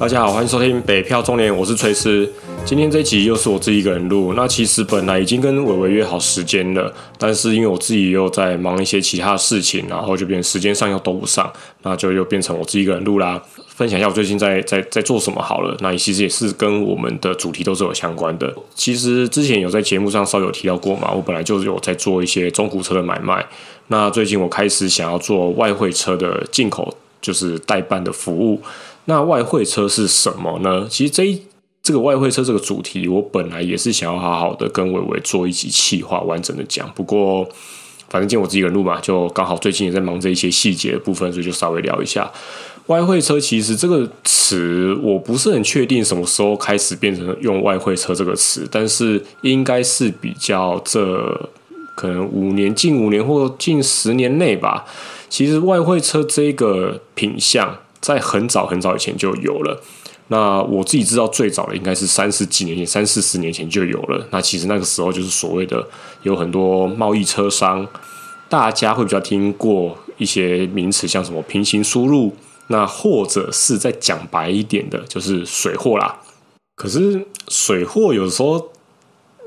大家好，歡迎收聽《北漂中年》，我是崔斯，今天這集又是我自己一個人錄。那其實本來已經跟偉偉約好時間了，但是因為我自己又在忙一些其他的事情，然後就變成時間上又兜不上，那就又變成我自己一個人錄啦。分享一下我最近在在在做什麼好了。那其實也是跟我們的主題都是有相關的。其實之前有在節目上稍有提到過嘛，我本來就是有在做一些中古車的買賣。那最近我開始想要做外匯車的進口，就是代辦的服務。那外匯車是什麼呢？其實這一這個外匯車這個主題，我本來也是想要好好的跟偉偉做一集企劃，完整的講。不過，反正盡我自己的路嘛，就剛好最近也在忙這一些細節的部分，所以就稍微聊一下外匯車。其實這個詞我不是很確定什麼時候開始變成用外匯車這個詞，但是應該是比較這可能五年、近五年或近十年內吧。其實外匯車這個品相。在很早很早以前就有了。那我自己知道最早的應該是三十幾年前，三四十年前就有了。那其實那個時候就是所謂的有很多貿易車商，大家會比較聽過一些名詞，像什麼平行輸入，那或者是再講白一點的就是水貨啦。可是水貨有時候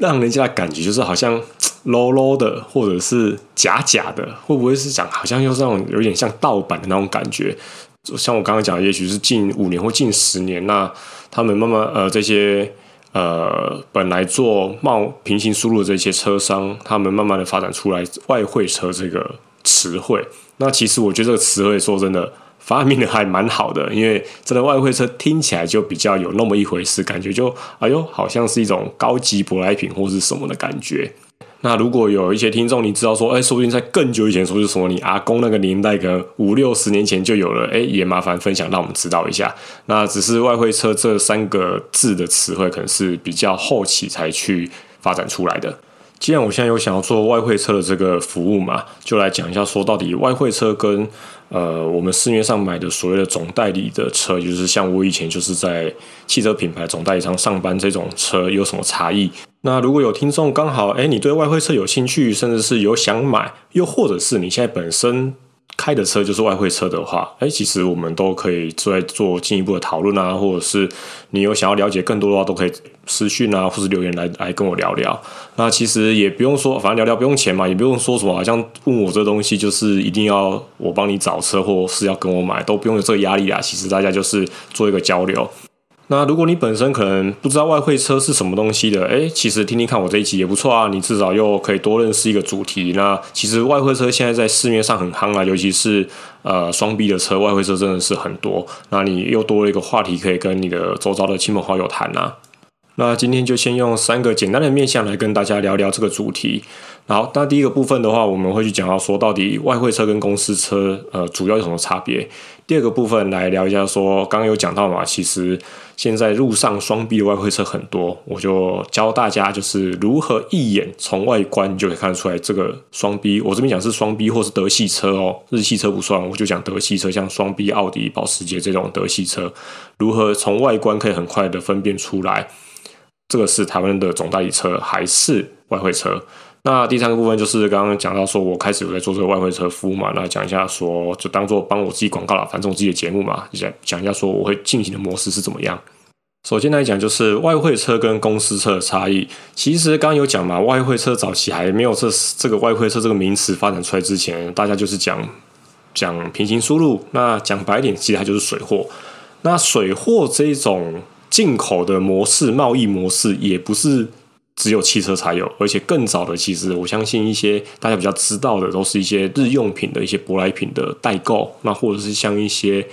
讓人家的感覺就是好像 low low 的，或者是假假的，會不會是講好像又是那種有點像盜版的那種感覺？就像我剛剛講，也許是近五年或近十年，那他們慢慢呃，這些呃，本來做貿平行輸入的這些車商，他們慢慢的發展出來“外匯車”這個詞彙。那其實我覺得這個詞彙說真的，發明的還蠻好的，因為真的“外匯車”聽起來就比較有那麼一回事，感覺就哎呦，好像是一種高級舶來品或是什麼的感覺。那如果有一些聽眾你知道說，誒、欸，說不定在更久以前，說是什麼你阿公那個年代跟五六十年前就有了，誒、欸，也麻煩分享讓我們知道一下。那只是外匯車這三個字的詞彙可能是比較後期才去發展出來的。既然我現在有想要做外匯車的這個服務嘛，就來講一下，說到底外匯車跟呃我們市面上買的所謂的總代理的車，就是像我以前就是在汽車品牌總代理商上，上，上班這種車有什麼差異？那如果有聽眾剛好誒，你對外匯車有興趣，甚至是有想買，又或者是你現在本身開的車就是外匯車的話，誒，其實我們都可以再做進一步的討論啊，或者是你有想要了解更多的話，都可以私訊啊，或是留言來來跟我聊聊。那其實也不用說，反正聊聊不用錢嘛，也不用說什麼，好像問我這東西，就是一定要我幫你找車或是要跟我買，都不用有這個壓力啊。其實大家就是做一個交流。那如果你本身可能不知道外匯車是什麼東西的，誒，其實聽聽看我這一集也不錯啊，你至少又可以多認識一個主題。那其實外匯車現在在市面上很夯啊，尤其是呃雙 B 的車，外匯車真的是很多。那你又多了一個話題可以跟你的周遭的親朋好友談吶、啊。那今天就先用三個簡單的面向來跟大家聊聊這個主題。好，那第一個部分的話，我們會去講到說，到底外匯車跟公司車，呃，主要有什麼差別？第二個部分來聊一下說，說剛剛有講到嘛，其實現在路上雙 B 的外匯車很多，我就教大家就是如何一眼從外觀就可以看得出來這個雙 B。我這邊講是雙 B 或是德系車哦，日系車不算，我就講德系車，像雙 B、奧迪、保時捷這種德系車，如何從外觀可以很快的分辨出來，這個是台灣的總代理車還是外匯車？那第三個部分就是剛剛講到說，我開始有在做這個外匯車服務嘛，那講一下說，就當做幫我自己廣告了，反正我自己的節目嘛，講講一下說，我會進行的模式是怎麼樣。首先來講，就是外匯車跟公司車的差異。其實剛剛有講嘛，外匯車早期還沒有這這個外匯車這個名詞發展出來之前，大家就是講講平行輸入，那講白點，其實它就是水貨。那水貨這種進口的模式，貿易模式，也不是。只有汽車才有，而且更早的，其實我相信一些大家比較知道的，都是一些日用品的一些舶來品的代購，那或者是像一些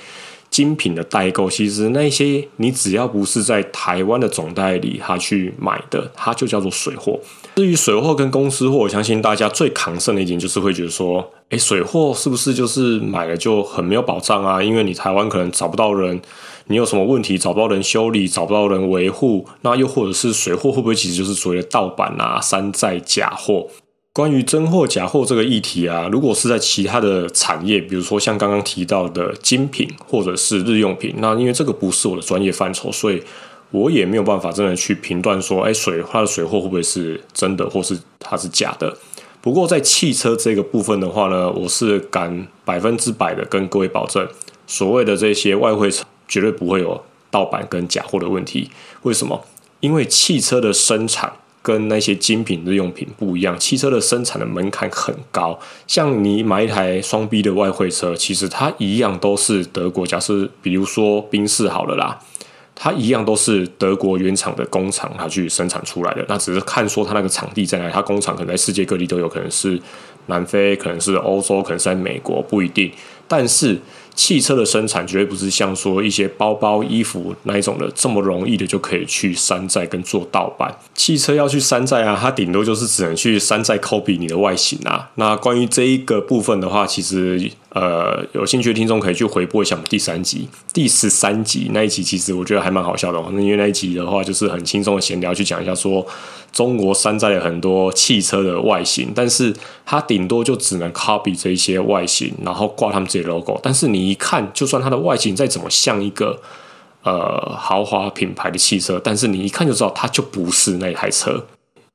精品的代購，其實那一些你只要不是在台灣的總代理，他去買的，它就叫做水貨。至於水貨跟公司貨，我相信大家最扛盛的一點就是會覺得說，誒，水貨是不是就是買了就很沒有保障啊？因為你台灣可能找不到人。你有什麼問題，找不到人修理，找不到人維護，那又或者是水貨會不會其實就是所謂的盜版啊、山寨假貨？關於真貨假貨這個議題啊，如果是在其他的產業，比如說像剛剛提到的精品或者是日用品，那因為這個不是我的專業範疇，所以我也沒有辦法真的去評斷說，哎、欸，水它的水貨會不會是真的，或是它是假的？不過在汽車這個部分的話呢，我是敢百分之百的跟各位保證，所謂的這些外匯絕對不會有盜版跟假貨的問題。為什麼？因為汽車的生產跟那些精品日用品不一樣。汽車的生產的門檻很高。像你買一台雙 B 的外匯車，其實它一樣都是德國。假設比如說賓士好了啦，它一樣都是德國原廠的工廠，它去生產出來的。那只是看說它那個場地在哪，它工廠可能在世界各地都有，可能是南非，可能是歐洲，可能是在美國，不一定。但是。汽車的生產絕對不是像說一些包包、衣服那一種的這麼容易的就可以去山寨跟做盜版。汽車要去山寨啊，它頂多就是只能去山寨 copy 你的外形啊。那關於這一個部分的話，其實。呃，有興趣的聽眾可以去回播一下我們第三集、第十三集那一集，其實我覺得還蠻好笑的。因為那一集的話，就是很輕鬆的閒聊，去講一下說中國山寨了很多汽車的外形，但是它頂多就只能 copy 這一些外形，然後掛他們自己 logo。但是你一看，就算它的外形再怎麼像一個呃豪華品牌的汽車，但是你一看就知道，它就不是那一台車。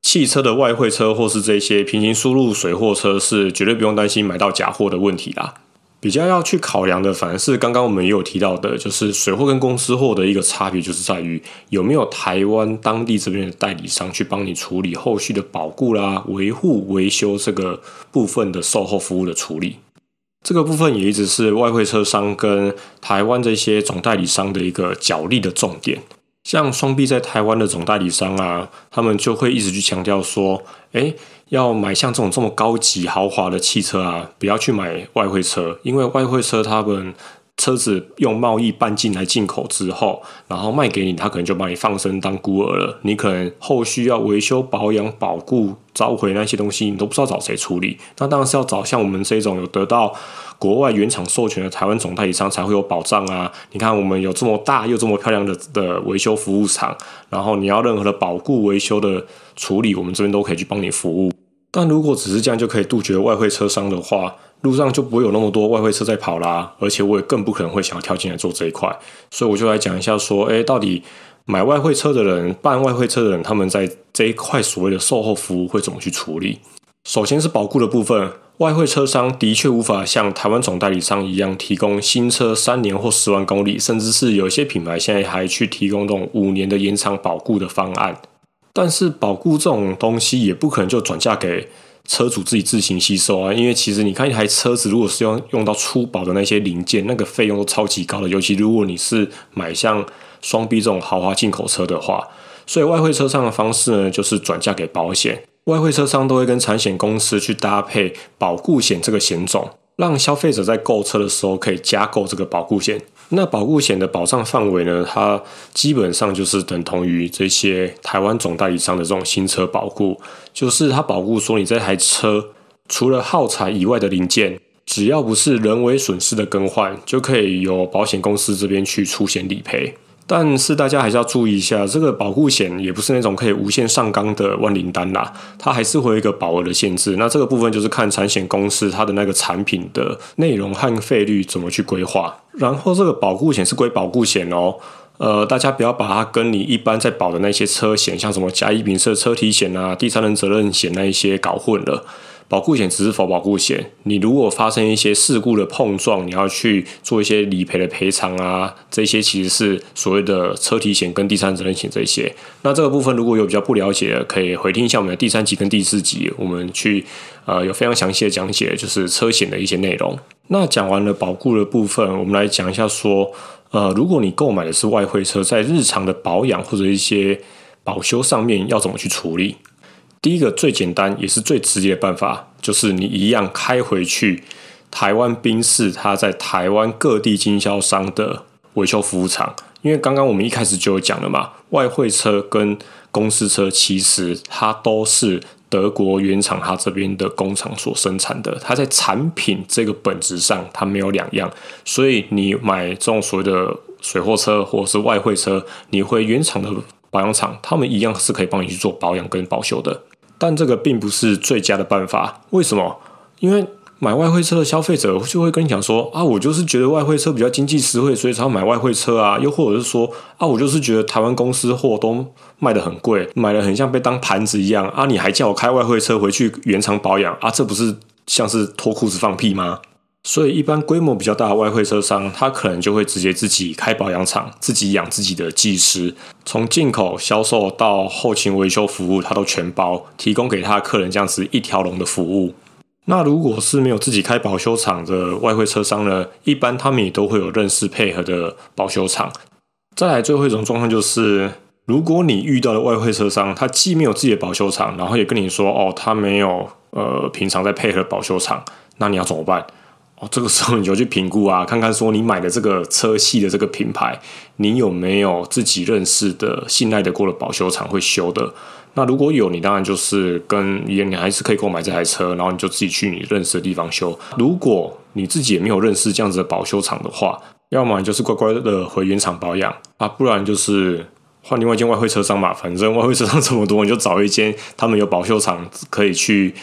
汽車的外匯車或是這些平行輸入水貨車，是絕對不用擔心買到假貨的問題啦。比較要去考量的，反而是剛剛我們也有提到的，就是水貨跟公司貨的一個差別，就是在於有沒有台灣當地這邊的代理商去幫你處理後續的保固啦、維護、維修這個部分的售後服務的處理。這個部分也一直是外匯車商跟台灣這些總代理商的一個角力的重點。像雙 B 在台灣的總代理商啊，他們就會一直去強調說，哎、欸，要買像這種這麼高級豪華的汽車啊，不要去買外匯車，因為外匯車他們。車子用貿易半徑來進口之後，然後賣給你，他可能就把你放生當孤兒了。你可能後續要維修保養保固召回那些東西，你都不知道找誰處理。那當然是要找像我們這種有得到國外原廠授權的台灣總代理商才會有保障啊！你看我們有這麼大又這麼漂亮的的維修服務廠，然後你要任何的保固維修的處理，我們這邊都可以去幫你服務。但如果只是這樣就可以杜絕外匯車商的話，路上就不會有那麼多外匯車在跑啦，而且我也更不可能會想要跳進來做這一塊，所以我就來講一下說，哎、欸，到底買外匯車的人，辦外匯車的人，他們在這一塊所謂的售後服務會怎麼去處理？首先是保固的部分，外匯車商的確無法像台灣總代理商一樣提供新車三年或十萬公里，甚至是有些品牌現在還去提供這種五年的延長保固的方案。但是保固這種東西也不可能就轉嫁給車主自己自行吸收啊，因為其實你看一台車子，如果是用用到出保的那些零件，那個費用都超級高的。尤其如果你是買像雙 B 這種豪華進口車的話，所以外匯車商的方式呢，就是轉嫁給保險。外匯車商都會跟產險公司去搭配保固險這個險種，讓消費者在購車的時候可以加購這個保固險。那保固險的保障範圍呢？它基本上就是等同於這些台灣總代理商的這種新車保固，就是它保固說，你這台車除了耗材以外的零件，只要不是人為損失的更換，就可以由保險公司這邊去出險理賠。但是大家還是要注意一下，這個保固險也不是那種可以無限上綱的萬靈丹啦、啊，它還是會有一個保額的限制。那這個部分就是看產險公司它的那個產品的內容和費率怎麼去規劃。然後這個保固險是歸保固險哦，呃，大家不要把它跟你一般在保的那些車險，像什麼甲乙丙式車體險啊、第三人責任險那一些搞混了。保固險只是否保固險，你如果發生一些事故的碰撞，你要去做一些理賠的賠償啊，這些其實是所謂的車體險跟第三者責任險這些。那這個部分如果有比較不了解的，可以回聽一下我們的第三集跟第四集，我們去呃有非常詳細的講解，就是車險的一些內容。那講完了保固的部分，我們來講一下說，呃，如果你購買的是外匯車，在日常的保養或者一些保修上面要怎麼去處理？第一個最簡單也是最直接的辦法，就是你一樣開回去台灣賓士，它在台灣各地經銷商的維修服務廠。因為剛剛我們一開始就有講了嘛，外匯車跟公司車其實它都是德國原廠它這邊的工廠所生產的，它在產品這個本質上它沒有兩樣，所以你買這種所謂的水貨車或者是外匯車，你回原廠的保養廠，他們一樣是可以幫你去做保養跟保修的。但這個並不是最佳的辦法，為什麼？因為買外匯車的消費者就會跟你講說啊，我就是覺得外匯車比較經濟實惠，所以才要買外匯車啊。又或者是說啊，我就是覺得台灣公司貨都賣得很貴，買得很像被當盤子一樣啊。你還叫我開外匯車回去原廠保養啊？這不是像是脫褲子放屁嗎？所以，一般規模比較大的外匯車商，他可能就會直接自己開保養廠，自己養自己的技師，從進口、銷售到後勤維修服務，他都全包，提供給他的客人這樣子一條龍的服務。那如果是沒有自己開保修廠的外匯車商呢？一般他們也都會有認識配合的保修廠。再來，最後一種狀況就是，如果你遇到了外匯車商，他既沒有自己的保修廠，然後也跟你說哦，他沒有呃，平常在配合保修廠，那你要怎麼辦？這個時候你就去評估啊，看看說你買的這個車系的這個品牌，你有沒有自己認識的、信賴的過了保修廠會修的。那如果有，你當然就是跟也，你還是可以購買這台車，然後你就自己去你認識的地方修。如果你自己也沒有認識這樣子的保修廠的話，要麼你就是乖乖的回原廠保養啊，不然就是換另外一間外匯車商嘛。反正外匯車商這麼多，你就找一間他們有保修廠可以去。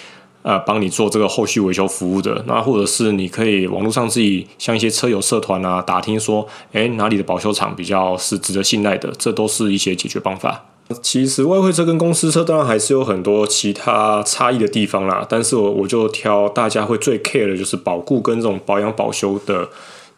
呃，幫你做這個後續維修服務的，那或者是你可以網絡上自己像一些車友社團啊，打聽說，哎，哪裡的保修廠比較是值得信賴的，這都是一些解決方法。其實外匯車跟公司車當然還是有很多其他差異的地方啦，但是我我就挑大家會最 care 的就是保固跟這種保養保修的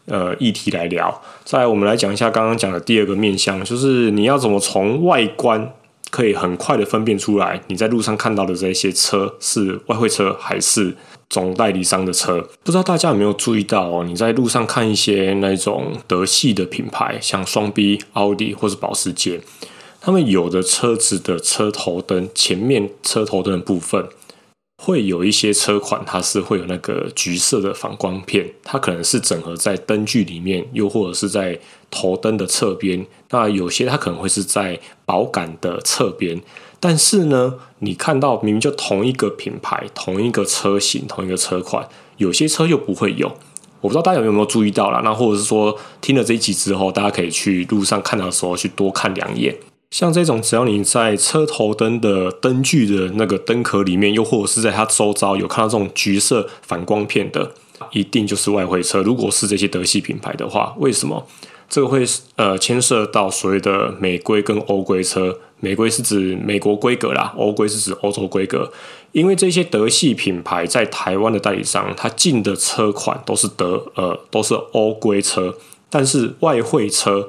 呃議題來聊。再來我們來講一下剛剛講的第二個面向，就是你要怎麼從外觀。可以很快的分辨出來，你在路上看到的這些車是外匯車還是總代理商的車？不知道大家有沒有注意到哦，你在路上看一些那種德系的品牌，像雙 B、奧迪或是保時捷，他們有的車子的車頭燈、前面車頭燈的部分。會有一些車款，它是會有那個橘色的反光片，它可能是整合在燈具裡面，又或者是在頭燈的側邊。那有些它可能會是在保桿的側邊。但是呢，你看到明明就同一個品牌，同一個車型，同一個車款，有些車又不會有。我不知道大家有沒有注意到啦？那或者是說，聽了這一集之後，大家可以去路上看到的時候去多看兩眼。像這種，只要你在車頭燈的燈具的那個燈殼裡面，又或者是在它周遭有看到這種橘色反光片的，一定就是外匯車。如果是這些德系品牌的話，為什麼這個會呃牽涉到所謂的美規跟歐規車？美規是指美國規格啦，歐規是指歐洲規格。因為這些德系品牌在台灣的代理商，他進的車款都是德呃都是歐規車，但是外匯車。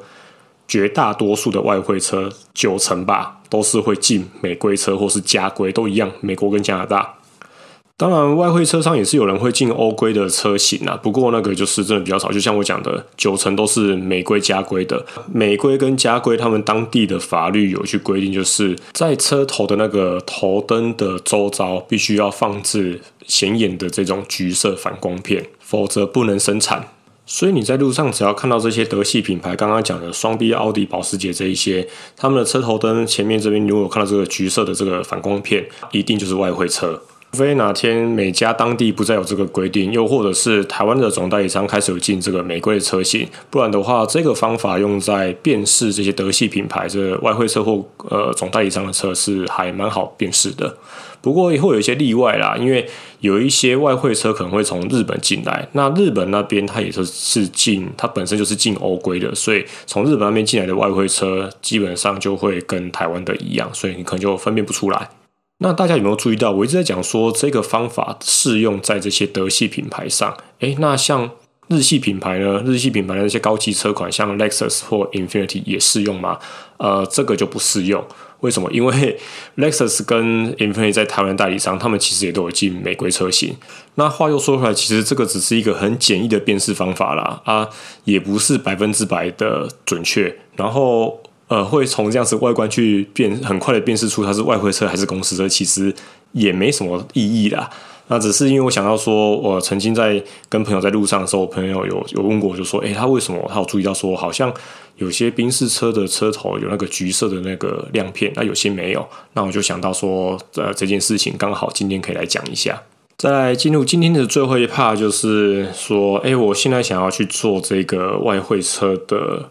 絕大多數的外匯車，九成吧，都是會進美規車或是加規，都一樣。美國跟加拿大，當然外匯車商也是有人會進歐規的車型啊。不過那個就是真的比較少，就像我講的，九成都是美規加規的。美規跟加規，他們當地的法律有一句規定，就是在車頭的那個頭燈的周遭，必須要放置顯眼的這種橘色反光片，否則不能生產。所以你在路上只要看到這些德系品牌，剛剛講的雙 B 奧迪、保時捷這一些，他們的車頭燈前面這邊，你如果有看到這個橘色的這個反光片，一定就是外匯車。除非哪天美加當地不再有這個規定，又或者是台灣的總代理商開始有進這個美規的車型，不然的話，這個方法用在辨識這些德系品牌這個外匯車或呃總代理商的車是還蠻好辨識的。不過也會有一些例外啦，因為有一些外匯車可能會從日本進來，那日本那邊它也是進，它本身就是進歐規的，所以從日本那邊進來的外匯車基本上就會跟台灣的一樣，所以你可能就分辨不出來。那大家有沒有注意到？我一直在講說這個方法適用在這些德系品牌上。哎、欸，那像日系品牌呢？日系品牌的那些高級車款，像 Lexus 或 Infiniti 也適用嗎？呃，這個就不適用。為什麼？因為 Lexus 跟 Infiniti 在台灣代理商，他們其實也都有進美規車型。那話又說回來，其實這個只是一個很簡易的辨識方法啦，啊，也不是百分之百的準確。然後。呃，會從這樣子外觀去辨，很快的辨識出它是外匯車還是公司車，其實也沒什麼意義啦。那只是因為我想到說，我曾經在跟朋友在路上的時候，朋友有有問過我，就說：“誒、欸，他為什麼？”他有注意到說，好像有些賓士車的車頭有那個橘色的那個亮片，那有些沒有。那我就想到說，呃，這件事情剛好今天可以來講一下。再進入今天的最後一 part，就是說，誒、欸，我現在想要去做這個外匯車的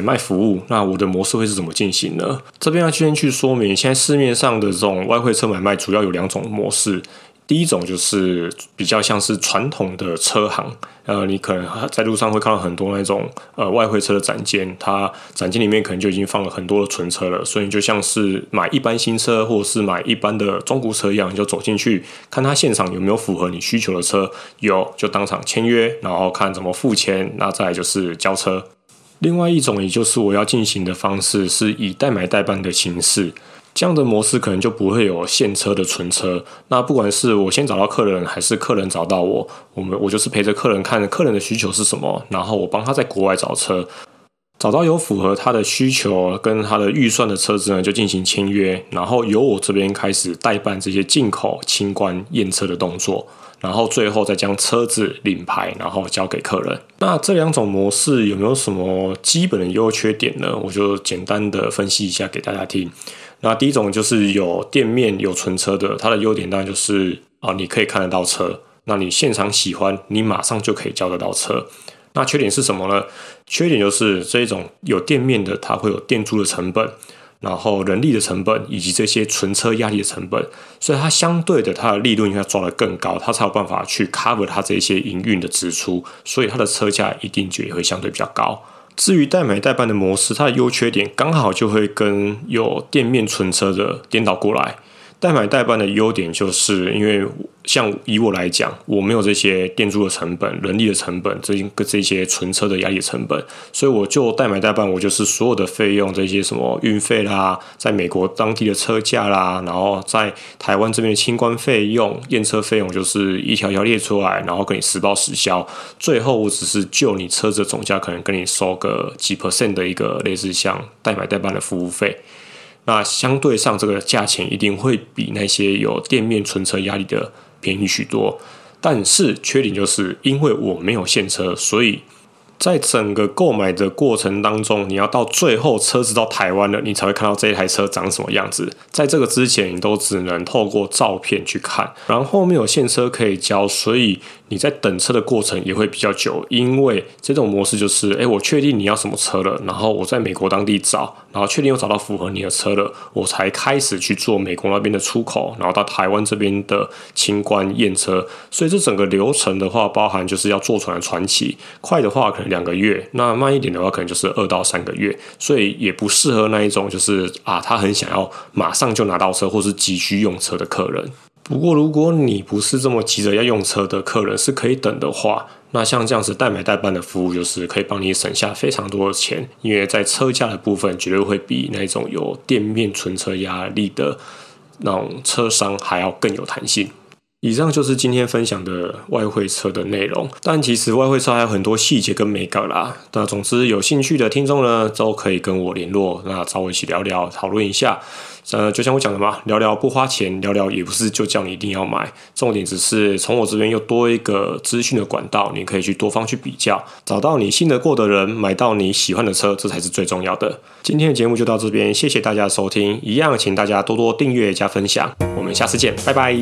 買賣服務，那我的模式會是怎麼進行呢？這邊要先去說明，現在市面上的這種外匯車買賣主要有兩種模式。第一種就是比較像是傳統的車行，呃，你可能在路上會看到很多那種呃外匯車的展間，它展間裡面可能就已經放了很多的存車了，所以你就像是買一般新車或者是買一般的中古車一樣，你就走進去看它現場有沒有符合你需求的車，有就當場簽約，然後看怎麼付錢，那再就是交車。另外一種，也就是我要進行的方式，是以代買代辦的形式，這樣的模式可能就不會有現車的存車。那不管是我先找到客人，還是客人找到我，我們我就是陪着客人看，客人的需求是什麼，然後我幫他在國外找車，找到有符合他的需求跟他的預算的車子呢，就進行簽約，然後由我這邊開始代辦這些進口清關驗車的動作。然後最後再將車子領牌，然後交給客人。那這兩種模式有沒有什麼基本的優缺點呢？我就簡單的分析一下給大家聽。那第一種就是有店面有存車的，它的優點當然就是啊，你可以看得到車，那你現場喜歡，你馬上就可以交得到車。那缺點是什麼呢？缺點就是這種有店面的，它會有店租的成本。然後人力的成本以及這些存車壓力的成本，所以它相對的它的利潤應該抓得更高，它才有辦法去 cover 它這些營運的支出，所以它的車價一定就也會相對比較高。至於代買代辦的模式，它的優缺點剛好就會跟有店面存車的顛倒過來。代買代辦的優點就是，因為像以我來講，我沒有這些店租的成本、人力的成本，這一個這些存車的壓力的成本，所以我就代買代辦，我就是所有的費用，這些什麼運費啦，在美國當地的車價啦，然後在台灣這邊的清關費用、驗車費用，就是一條條列出來，然後跟你實報實銷，最後我只是就你車子的總價，可能跟你收個幾 percent 的一個類似像代買代辦的服務費。那相對上，這個價錢一定會比那些有店面存車壓力的便宜許多。但是缺點就是，因為我沒有現車，所以在整個購買的過程當中，你要到最後車子到台灣了，你才會看到這一台車長什麼樣子。在這個之前，你都只能透過照片去看。然後沒有現車可以交，所以你在等車的過程也會比較久。因為這種模式就是，誒，我確定你要什麼車了，然後我在美國當地找。然後確定又找到符合你的車了，我才開始去做美國那邊的出口，然後到台灣這邊的清關驗車。所以這整個流程的話，包含就是要坐船的船期，快的話可能兩個月，那慢一點的話可能就是二到三個月。所以也不適合那一種就是啊，他很想要馬上就拿到車，或是急需用車的客人。不過，如果你不是這麼急着要用車的客人，是可以等的話，那像這樣子代買代辦的服務，就是可以幫你省下非常多的錢，因為在車價的部分，絕對會比那種有店面存車壓力的那種車商還要更有彈性。以上就是今天分享的外匯車的內容，但其實外匯車還有很多細節跟美感啦。那總之，有興趣的聽眾呢，都可以跟我聯絡，那找我一起聊聊，討論一下。呃，就像我講的嘛，聊聊不花錢，聊聊也不是就叫你一定要買，重點只是從我這邊又多一個資訊的管道，你可以去多方去比較，找到你信得過的人，買到你喜歡的車，這才是最重要的。今天的節目就到這邊，謝謝大家的收聽，一樣請大家多多訂閱加分享，我們下次見，拜拜。